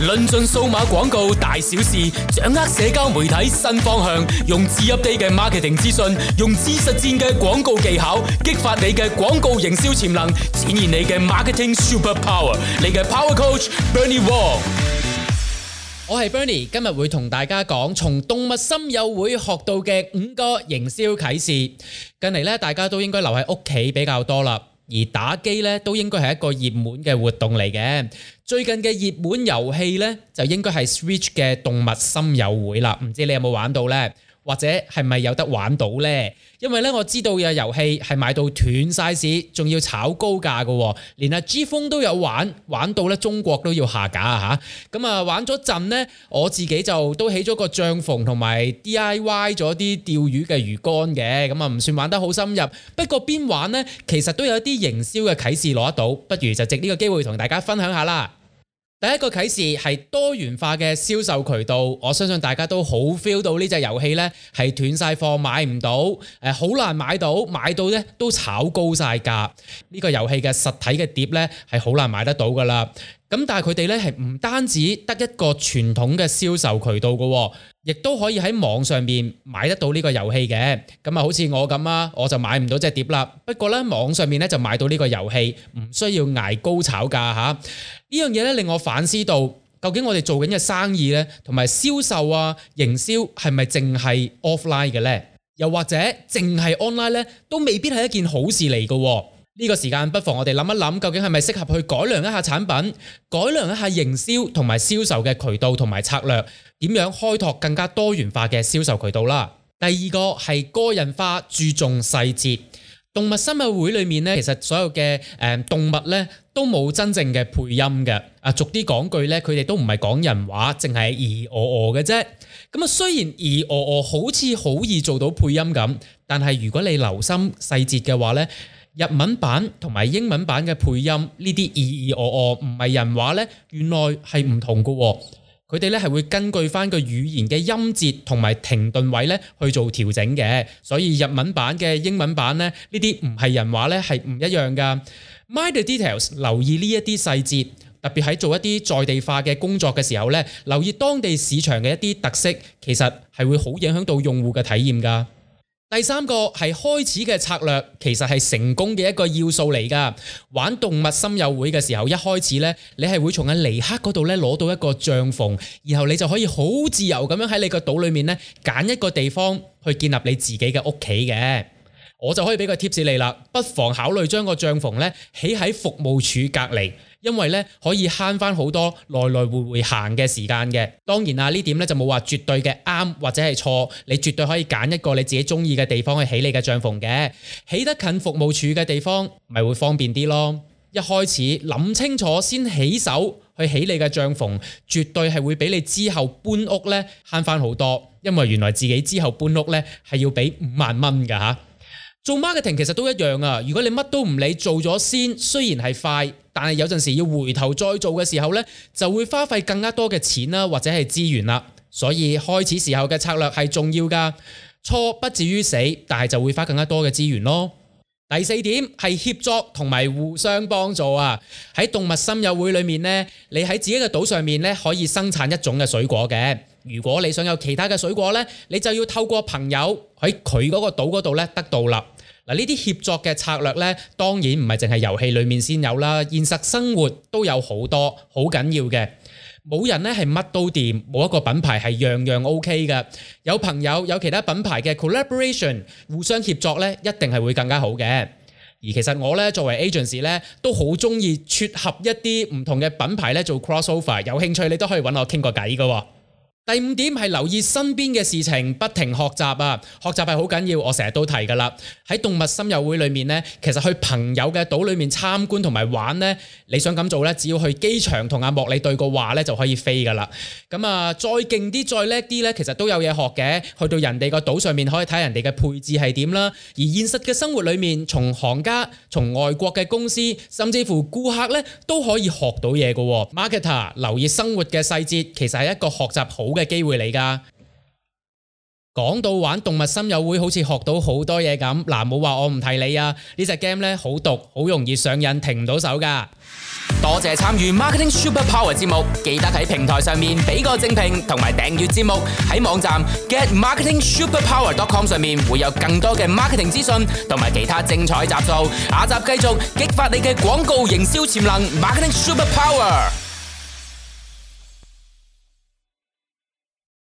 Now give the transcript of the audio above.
論盡數碼廣告大小事，掌握社交媒體新方向，用最 update 嘅 marketing 資訊，用最實戰嘅廣告技巧，激發你嘅廣告營銷潛能，展現你嘅 marketing super power。你嘅 power coach Bernie Wong，我係 Bernie，今日會同大家講從動物森友會學到嘅五個營銷啟示。近嚟呢，大家都應該留喺屋企比較多啦。而打機咧都應該係一個熱門嘅活動嚟嘅。最近嘅熱門遊戲咧就應該係 Switch 嘅《動物森友會》啦，唔知道你有冇玩到咧？或者係咪有得玩到呢？因為呢，我知道有遊戲係買到斷晒市，仲要炒高價㗎喎。連阿 G 風都有玩，玩到咧中國都要下架啊嚇。咁、嗯、啊玩咗陣呢，我自己就都起咗個帳篷，同埋 DIY 咗啲釣魚嘅魚竿嘅。咁啊唔算玩得好深入，不過邊玩呢，其實都有一啲營銷嘅啟示攞得到，不如就藉呢個機會同大家分享下啦。第一個啟示係多元化嘅銷售渠道，我相信大家都好 feel 到呢隻遊戲呢係斷晒貨，買唔到，誒，好難買到，買到呢都炒高晒價，呢個遊戲嘅實體嘅碟呢係好難買得到噶啦。咁但係佢哋咧係唔單止得一個傳統嘅銷售渠道嘅，亦都可以喺網上面買得到呢個遊戲嘅。咁啊，好似我咁啊，我就買唔到隻碟啦。不過咧，網上面咧就買到呢個遊戲，唔需要捱高炒價吓。呢樣嘢咧令我反思到，究竟我哋做緊嘅生意咧，同埋銷售啊、營銷係咪淨係 offline 嘅咧？又或者淨係 online 咧，都未必係一件好事嚟嘅。呢個時間不妨我哋諗一諗，究竟係咪適合去改良一下產品，改良一下營銷同埋銷售嘅渠道同埋策略，點樣開拓更加多元化嘅銷售渠道啦？第二個係個人化，注重細節。動物生物會裏面呢，其實所有嘅誒、呃、動物呢都冇真正嘅配音嘅啊，逐啲講句呢，佢哋都唔係講人話，淨係咿哦哦嘅啫。咁、嗯、啊，雖然咿哦哦好似好易做到配音咁，但係如果你留心細節嘅話呢。日文版同埋英文版嘅配音呢啲咿咿哦哦唔係人話呢，原來係唔同㗎喎。佢哋呢係會根據返個語言嘅音節同埋停頓位呢去做調整嘅，所以日文版嘅英文版呢，呢啲唔係人話呢係唔一樣㗎。Mind the details，留意呢一啲細節，特別喺做一啲在地化嘅工作嘅時候呢，留意當地市場嘅一啲特色，其實係會好影響到用戶嘅體驗㗎。第三個係開始嘅策略，其實係成功嘅一個要素嚟㗎。玩動物森友會嘅時候，一開始呢，你係會從喺尼克嗰度攞到一個帳篷，然後你就可以好自由咁樣喺你個島裏面呢揀一個地方去建立你自己嘅屋企嘅。我就可以俾個 tips 你啦，不妨考慮將個帳篷呢起喺服務處隔離。因為咧，可以慳翻好多來來回回行嘅時間嘅，當然啦，呢點咧就冇話絕對嘅啱或者係錯，你絕對可以揀一個你自己中意嘅地方去起你嘅帳篷嘅，起得近服務處嘅地方咪會方便啲咯。一開始諗清楚先起手去起你嘅帳篷，絕對係會比你之後搬屋咧慳翻好多，因為原來自己之後搬屋咧係要俾五萬蚊噶吓。做 marketing 其實都一樣啊，如果你乜都唔理做咗先，雖然係快。但係有陣時要回頭再做嘅時候呢，就會花費更加多嘅錢啦，或者係資源啦。所以開始時候嘅策略係重要噶，錯不至於死，但係就會花更加多嘅資源咯。第四點係協助同埋互相幫助啊！喺動物森友會裏面呢，你喺自己嘅島上面呢，可以生產一種嘅水果嘅。如果你想有其他嘅水果呢，你就要透過朋友喺佢嗰個島嗰度得到啦。嗱，呢啲協作嘅策略呢，當然唔係淨係遊戲裏面先有啦，現實生活都有好多好緊要嘅。冇人呢係乜都掂，冇一個品牌係樣樣 OK 嘅。有朋友有其他品牌嘅 collaboration 互相協作呢，一定係會更加好嘅。而其實我呢，作為 agency 呢，都好中意撮合一啲唔同嘅品牌呢做 crossover。有興趣你都可以揾我傾個偈噶。第五點係留意身邊嘅事情，不停學習啊！學習係好緊要，我成日都提噶啦。喺動物森友會裏面呢，其實去朋友嘅島裏面參觀同埋玩呢，你想咁做呢，只要去機場同阿莫里對個話呢，就可以飛噶啦。咁啊，再勁啲，再叻啲呢，其實都有嘢學嘅。去到人哋個島上面，可以睇人哋嘅配置係點啦。而現實嘅生活裏面，從行家、從外國嘅公司，甚至乎顧客呢，都可以學到嘢噶。Marketer 留意生活嘅細節，其實係一個學習好。嘅機會嚟噶，講到玩動物心友會好似學到好多嘢咁，嗱冇話我唔提你啊！呢隻 game 咧好毒，好容易上癮，停唔到手噶。多謝參與 Marketing Super Power 節目，記得喺平台上面俾個精評同埋訂閱節目。喺網站 Get Marketing Super Power.com 上面會有更多嘅 marketing 資訊同埋其他精彩集數。下集繼續激發你嘅廣告營銷潛能，Marketing Super Power。